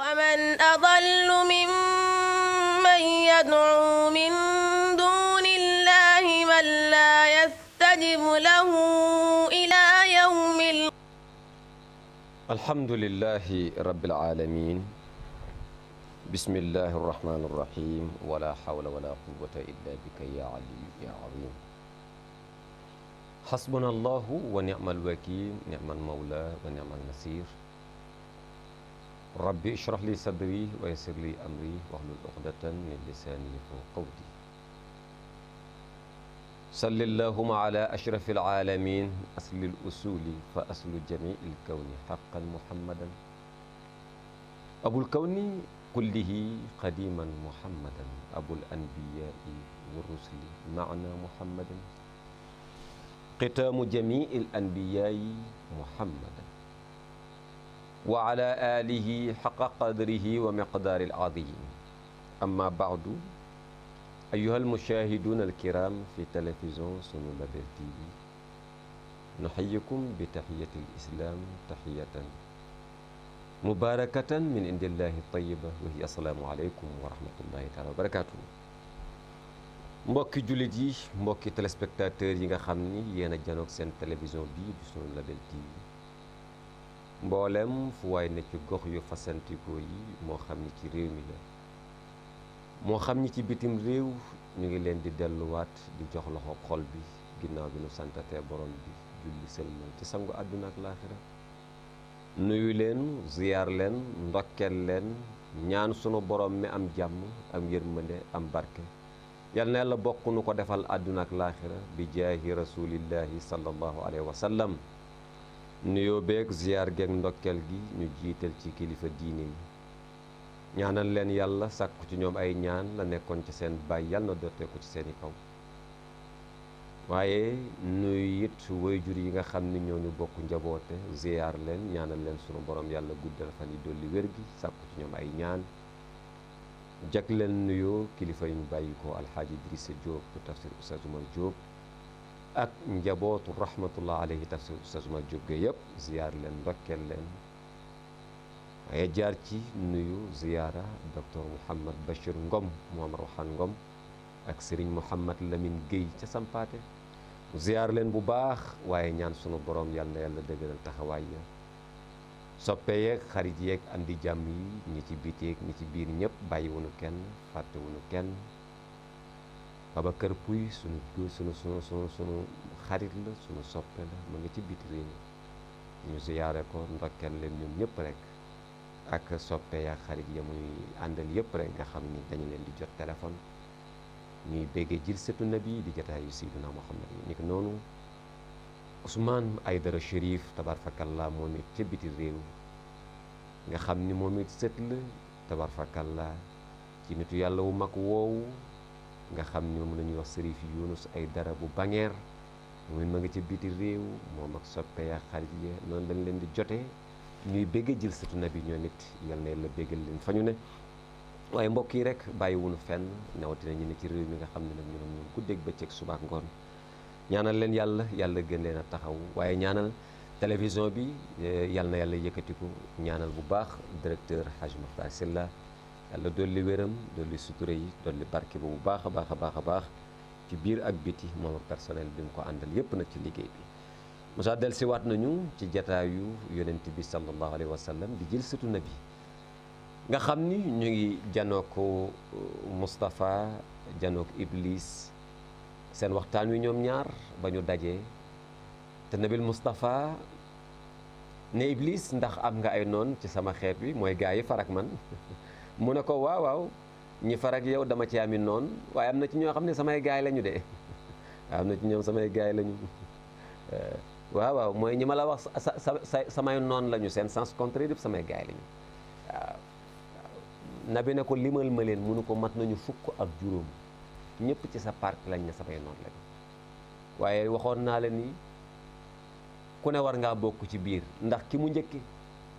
ومن أضل ممن يدعو من دون الله من لا يستجب له إلى يوم ال... الحمد لله رب العالمين بسم الله الرحمن الرحيم ولا حول ولا قوة إلا بك يا علي يا عظيم حسبنا الله ونعم الوكيل نعم المولى ونعم النصير rabbi ishrah li sadri wa yassir li amri wahlul uqdatan min lisani yafqahu qawli salli llahuma ala ashrafi alaalamin asli lusuli fa aslu jamii lkawni xaqan muhammadan abulkawni kullihi qadiman muhammadan abul anbiyai wa rusli maana muhammadan qitaamu jamii lanbiyai muhammadan wa ala alihi xaqa qadrihi wa miqdaari al azim amma baadu ayuha almushaahiduuna alkiram fi télévision sunu label tv nuxayikum bi taxiyati lislam taxiyatan mubarakatan min indillahi tayiba wa hiya assalaamu aleykum wa rahmatullahi taala wa barakatuhu mbokki jullit yi mbokki téléspectateurs yi nga xam ni yéen a janoog seen télévision bii du sunu label tv mboolem fu waay ne ci gox yu fasantikoo yi moo xam ni ci réew mi la moo xam ni ci bitim réew ñu ngi leen di delluwaat di jox loxo xol bi ginnaaw bi nu santatee borom bi julli sëlmal ci sangu àdduna ak laaxira nuyu leen ziyaar leen ndokkeel leen ñaan sunu borom mi am jàmm am yërmande am barke yal na la bokk nu ko defal àdduna ak laaxira bi jaahi rasulillahi sallallahu alayhi wa sallam nuyoo beeg ziyaar geeg ndokkeel gi ñu jiital ci kilifa diine yi ñaanal leen yàlla sàkk ci ñoom ay ñaan la nekkoon ci seen bàyyi yàlla na dooteeku ci seeni kaw waaye nuyu it waajur yi nga xam ni ñoo ñu bokk njaboote ziyaar leen ñaanal leen sunu borom yàlla guddal fan yi dolli wér gi sàkku ci ñoom ay ñaan jag leen nuyoo kilifa yi ñu bàyyikoo ko alxaaji Idrissa Diop bu tafsir Oustaz Oumar Diop ak njabootu rahmatullah alayhi ta sasuma jóge yëpp ziyaar leen ndokkeel leen waaye jaar ci nuyu ziyaara docteur Mouhammad Bachir Ngom moom Rawhan Ngom ak Serigne Mouhammad Lamine Guèye ca Sampaate ziyaar leen bu baax waaye ñaan sunu boroom yàlla na yàlla dëgëral taxawaay ya soppe yeeg xarit yeeg am di jàmm yi ñi ci biteeg ñi ci biir ñëpp bàyyiwunu kenn fàttewunu kenn Babacar Pouy sunu sunu sunu sunu sunu xarit la sunu soppe la mu ngi ci biti réew mi ñu ziyaare ko ndokkeel leen ñoom ñëpp rekk ak soppe yaa xarit ya muy àndal yëpp rek nga xam ni dañu leen di jot téléphone ñuy béggee jilsatu nabi di jotaayu Seydina Muhammad yi ni ko noonu Ousmane Aydara Chérif tabarfakalla moom it ca biti réew nga xam ni moom it sët la tabarfakalla ci nitu yàlla wu mag woowu nga xam ñoom la ñuy wax sërif Yunus ay dara bu bangeer moom ma nga ca biti réew moom ak soppe ya xarit ya noonu lañ leen di jote ñuy bégg jël satu nabi ñoo nit yal na yàlla béggal leen fañu ne waaye mbokk yi rek bàyyiwunu fenn rawatina ñu ne ci réew mi nga xam ne nag mu ñoom guddeeg bëccëg suba ak ngoon ñaanal leen yàlla yàlla gën leen a taxaw waaye ñaanal télévision bi eh, yal na yàlla yëkkati ñaanal bu baax directeur Hadj Makhtar Sylla yàlla dolli wéram dolli sutura yi dolli barke bu baax a baax a baax a baax ci biir ak biti moom ak personnel bi mu ko àndal yépp na ci liggéey bi Moussa dellusiwaat nañu ci jataayu yonent bi sallallahu alayhi wa sallam di jël sëtu nabi nga xam ni ñu ngi janoo ko uh, Moustapha janoo ko Iblis seen waxtaan wi ñoom ñaar ba ñu dajee te nabil Moustapha ne Iblis ndax am nga ay noon ci sama xeet wi mooy gaa yi far ak man mu ne ko waaw waaw ñi farak yow dama ci ami noon waaye am na ci ñoo xam ne samay gaay lañu de am na ci ñoom samay gaay lañu eh, waaw waaw mooy ñi ma la wax sa sa samay noon lañu seen sens contraire yëpp samay gaay lañu waaw nabi ne ko limal ma leen munu ko mat nañu fukk ak juróom ñëpp ci sa park lañ ne samay noon lañu waaye waxoon naa la ni ku ne war ngaa bokk ci biir ndax ki mu njëkke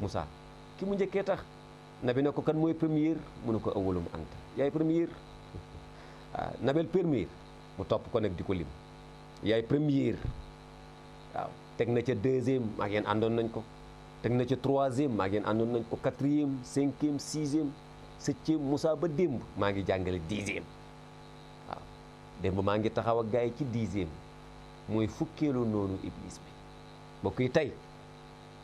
Moussa ki mu njëkkee tax nabi na ko kan mooy premier mu ne ko awwalum anta yaay premier waaw ah, nabel premier mu topp ko nag di ko lim yaay premier waaw teg na ca deuxième maa ngeen àndoon nañ ko teg na ca troisième maa àndoon nañ ko quatrième cinquième sixième septième Moussa ba démb maa ngi jàngale dixième waaw démb maa ngi taxaw ak gars yi ci dixième mooy fukkeelu noonu iblis bi mbokk yi tey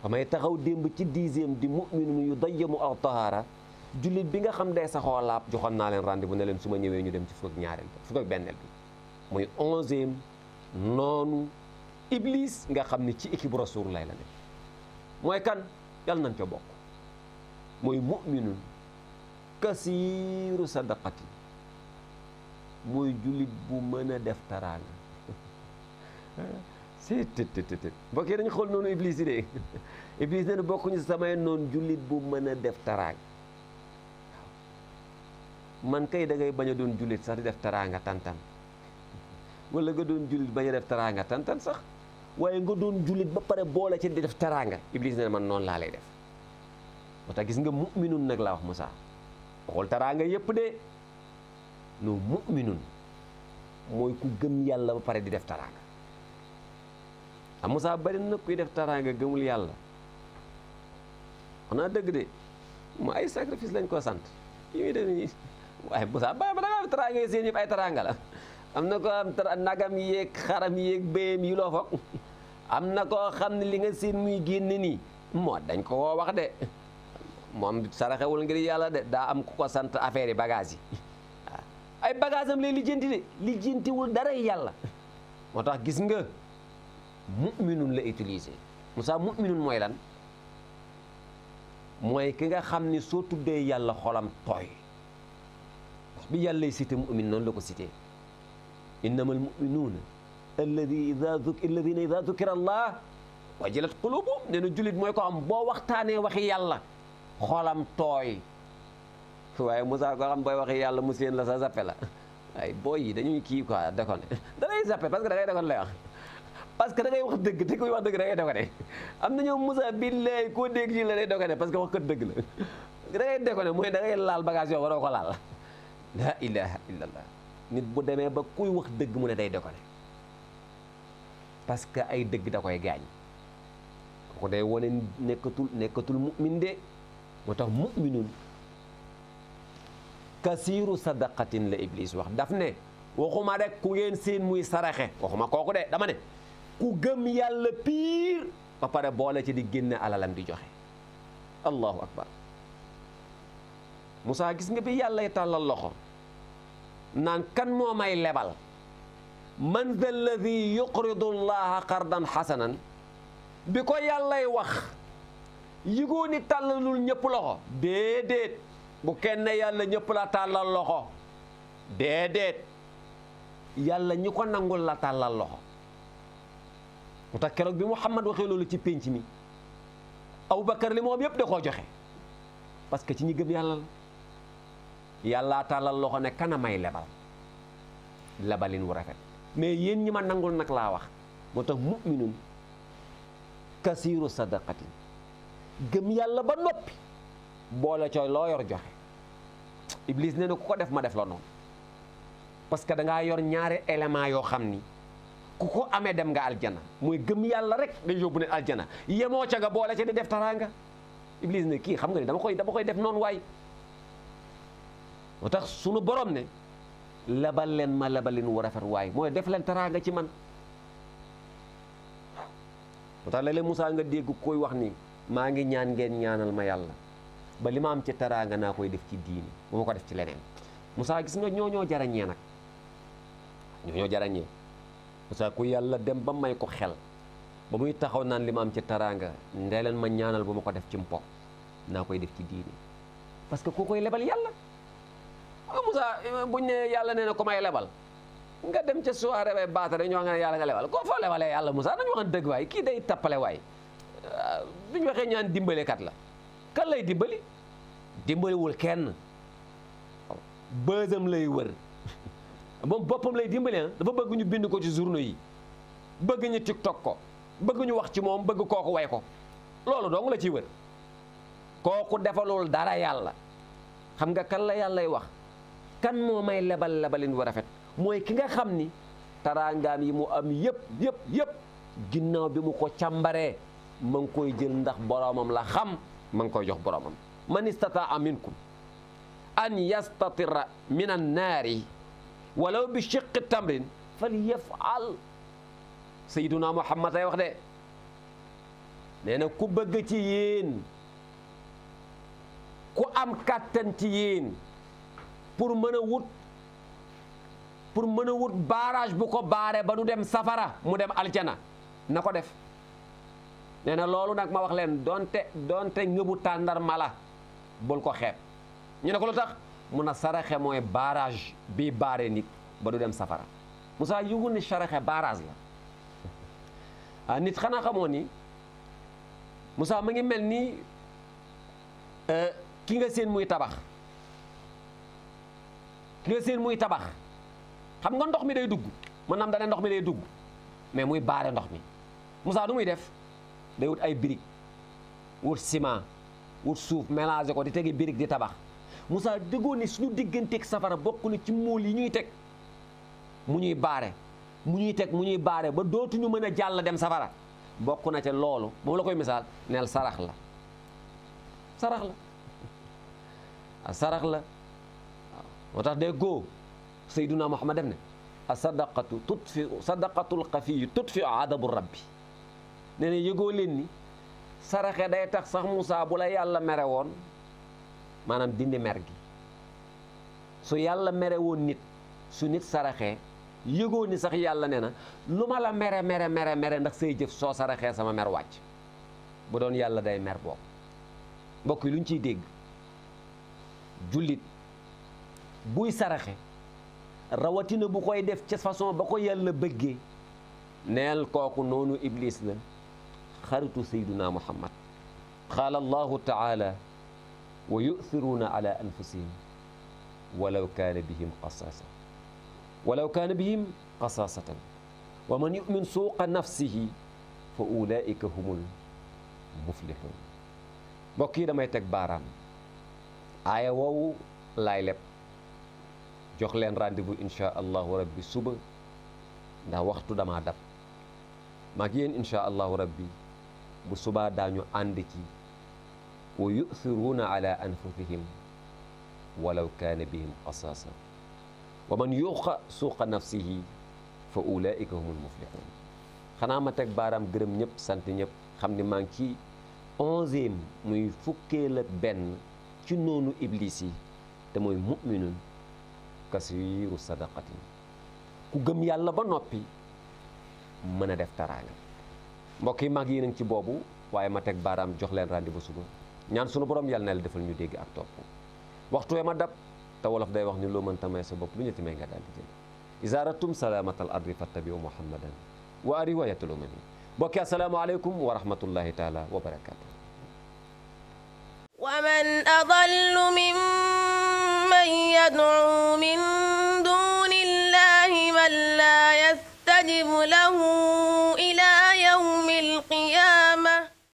damay taxaw démb ci dixième di mu'minun yu dayyamu aw jullit bi nga xam day saxoo laab joxoon naa leen rendez bu ne leen su ma ñëwee ñu dem ci fukk ak ñaareel bi fukk ak benneel bi muy onzième noonu iblis nga xam ni ci équipe rasulullah la nekk mooy kan yàlla nañ ca bokk mooy mu'minun kasiiru sadaqati mooy jullit bu mën a def taraanga si tët tët tët yi dañu xool noonu Iblis yi de Iblis nee na bokkuñu samay noonu jullit bu mën a def taraang man kay da ngay bañ a doon jullit sax di def taraanga tantan wala nga doon jullit bañ sax waaye nga doon jullit ba pare boole ci di def taraanga Iblis nee na man noonu laa lay def moo gis nga mu'minun nag laa wax Moussa xool taraanga yépp de no mu'minun mooy ku gëm yàlla ba pare di def taraanga xam Moussa bari na kuy def taraanga gëmul yàlla xanaa dëgg de mu ay sacrifice lañ ko sant yi muy def nii waaye Moussa bàyyi ma da am taraanga seen yëpp ay taraanga am na ko am nagam yeeg xaram yeeg béyam yi loo am na koo xam ne li nga seen muy génn nii moo dañ ko wax de moom saraxewul ngir yàlla de daa am ku ko sant affaire yi bagage yi ay bagage am lay lijjanti de lijjantiwul dara yàlla moo tax gis nga mu'minun la utilisé Moussa mu'minun mooy lan mooy ki nga xam ni soo tuddee yàlla xolam tooy bi yàllay cité mu'min noon la ko cité innamal mu'minuuna alladi ida u alladina ida dukira allah wajilat qulubuhum nee na jullit mooy ko am boo waxtaanee waxi yàlla xolam tooy waaye Moussa ko xam booy waxi yàlla mu seen la sa zappe la ay booy yi dañuy kii quoi déconné da lay zappe parce que da ngay déconné lay parce que da ngay dëgg te kuy wax dëgg da ngay déconné am na ñoom Moussa billaay koo dégg ci la day déconné parce que wax dëgg la da ngay déconné mooy da ngay laal bagage yoo waroo ko laal la ilaha illallah nit bu demee ba kuy wax dëgg mu ne day déconné parce que ay dëgg da koy gaañ kooku day wane nekkatul nekkatul mu'min de moo tax mu'minun kasiiru sadaqatin la iblis wax daf ne waxuma rek ku ngeen seen muy saraxe waxuma kooku de dama ne ku gëm yàlla piir ba pare boole ci di génne alalam di joxe allahu akbar Moussa gis nga bi yàllay tàllal loxo naan kan moo may lebal man da alladi yuqridu llaha qardan xasanan bi ko yàllay wax yigoo ni tàllalul ñëpp loxo déedéet bu kenn yàlla ñëpp la tàllal loxo déedéet yàlla ñi ko nangul la tàllal loxo mu tax keroog bi Muhammad waxee loolu ci pénc mi Aboubacar li moom yëpp da koo joxe parce que ci ñi gëm yàlla la yàllaa tàllal loxo ne kanamay may lebal lebalin wu rafet mais yéen ñi ma nangul nag laa wax moo tax muminun kasiiru sadaqatin gëm yàlla ba noppi boole cooy loo yor joxe Iblis ne na ku ko def ma def la noonu parce que dangaa yor ñaari élément yoo xam ni ku ko amee dem nga aljana mooy gëm yàlla rek day yóbbu ne aljana yemoo ca nga boole ca di def taraanga iblis ne kii xam nga ni dama koy dama koy def noonu waay moo tax sunu boroom ne labal leen ma labal rafet waay mooy def leen taraanga ci man moo tax léeg musaa nga dégg koy wax ni maa ngi ñaan ngeen ñaanal ma yàlla ba li ma am ci taraanga naa koy def ci diini bu ma ko def ci leneen musaa gis nga ñoo jarañee nag ñoo jarañee saa ku yàlla dem ba may ko xel ba muy taxaw naan li ma am ci taraanga ndee leen ma ñaanal bu ma ko def ci mpo naa koy def ci diini parce que ku koy lebal yàlla ah, Moussa buñ ne yàlla nee na ko may lebal nga dem ca soirée bay baata ñoo wax nga ne yàlla nga lebal koo foo lebalee yàlla Moussa nañu wax dëgg waay kii day tappale waay duñ ah, waxee ñaan kat la kan lay dimbali dimbaliwul kenn bësam lay wër moom boppam lay dimbali ah. dafa bëgg ñu bind ko ci journaux yi bëgg ñu tiktok ko bëgg ñu wax ci moom bëgg kooku way ko loolu dong la ciy wër kooku defalul dara yàlla xam nga kan la yàllay wax kan moo may lebal lebalin wu rafet mooy ki nga xam ni taraangaam yi mu am yëpp yëpp yëpp ginnaaw bi mu ko càmbaree ma ngi koy jël ndax boroomam la xam ma ngi koy jox boroomam man istataa minkum an yastatira min an naari walaw bi chiqi tamrin fal yafal sayyiduna muhammad ay wax de nee na ku bëgg ci yéen ku am kàttan ci yéen pour mën a wut pour mën a wut barrage bu ko baare ba du dem safara mu dem aljana na ko def nee na loolu nag ma wax leen donte donte ngëbu tàndarma mala bul ko xeeb ñu ne ko lu tax mun a saraxe mooy barrage bi baare nit ba du dem safara Moussa yëgul ni saraxe barrage la ah nit xanaa xamoo ni Moussa ma ngi mel ni euh, ki nga seen muy tabax ki nga seen muy tabax xam nga ndox mi day dugg mën naam dane ndox mi day dugg mais muy baare ndox mi Moussa du muy def day wut ay birig wut ciment wut suuf mélangé ko di tegi birig di tabax Moussa déggoo ne suñu digganteeg safara bokk ci mool yi ñuy teg mu ñuy baare mu ñuy teg mu ñuy baare ba dootuñu mën a jàll dem safara bokk na ca loolu moom la koy misaal neel sarax la sarax la ah, sarax la moo tax dee góo Seyduna Muhammad def ne a sadaqatu tutfi sadaqatul xafiyu tutfi adabu rabbi nee na yëgoo leen ni saraxe day tax sax Moussa bu la yàlla mere woon maanaam dindi mer gi su yàlla mere woon nit su nit saraxee yëgoo ni sax yàlla ne na lu ma la mere mere mere ndax say jëf soo saraxee sama mer wàcc bu doon yàlla day mer boobu mbokk yi lu ñu ciy dégg jullit buy saraxe rawatina bu koy def ca façon ba ko yàlla bëggee neel kooku noonu iblis la xaritu sayduna muhammad qaala allahu taala wa yu'thiruuna ala anfusihim walaw kaana bihim qasaasa walaw kaana bihim qasaasatan wa man yu'min suuqa nafsihi fa ulaa'ika humul muflihun mbokk yi damay teg baaraam aaya woowu laay leb jox leen rendez-vous insha allahu rabbi suba ndax waxtu damaa dab maag yéen insha allahu rabbi bu subaa daañu ànd ci wa yu'thiruuna ala anfusihim walaw kaana bihim xasaasa wa man yuuqa suuqa nafsihi fa ulaika humul muflixuun xanaa ma teg baaraam gërëm ñëpp sant ñëpp xam ni maa ngi ci onzième muy fukkeel ak benn ci noonu iblis yi te mooy muminun kasiiru sadaqatin ku gëm yàlla ba noppi mën a def taraanga mbokk yi mag yi nañ ci boobu waaye ma teg baaraam jox leen rendez-vous suba ñaan sunu borom yàlla na la defal ñu dégg ak topp waxtu we ma dab day wax ni loo mënta may sa bopp lu ñu ti may nga a di jël isaaratum salaamatal ardi fattabiu muhammadan wa riwayatul umami bokki assalaamu aleykum wa rahmatullahi taala wa barakatuh waman adallu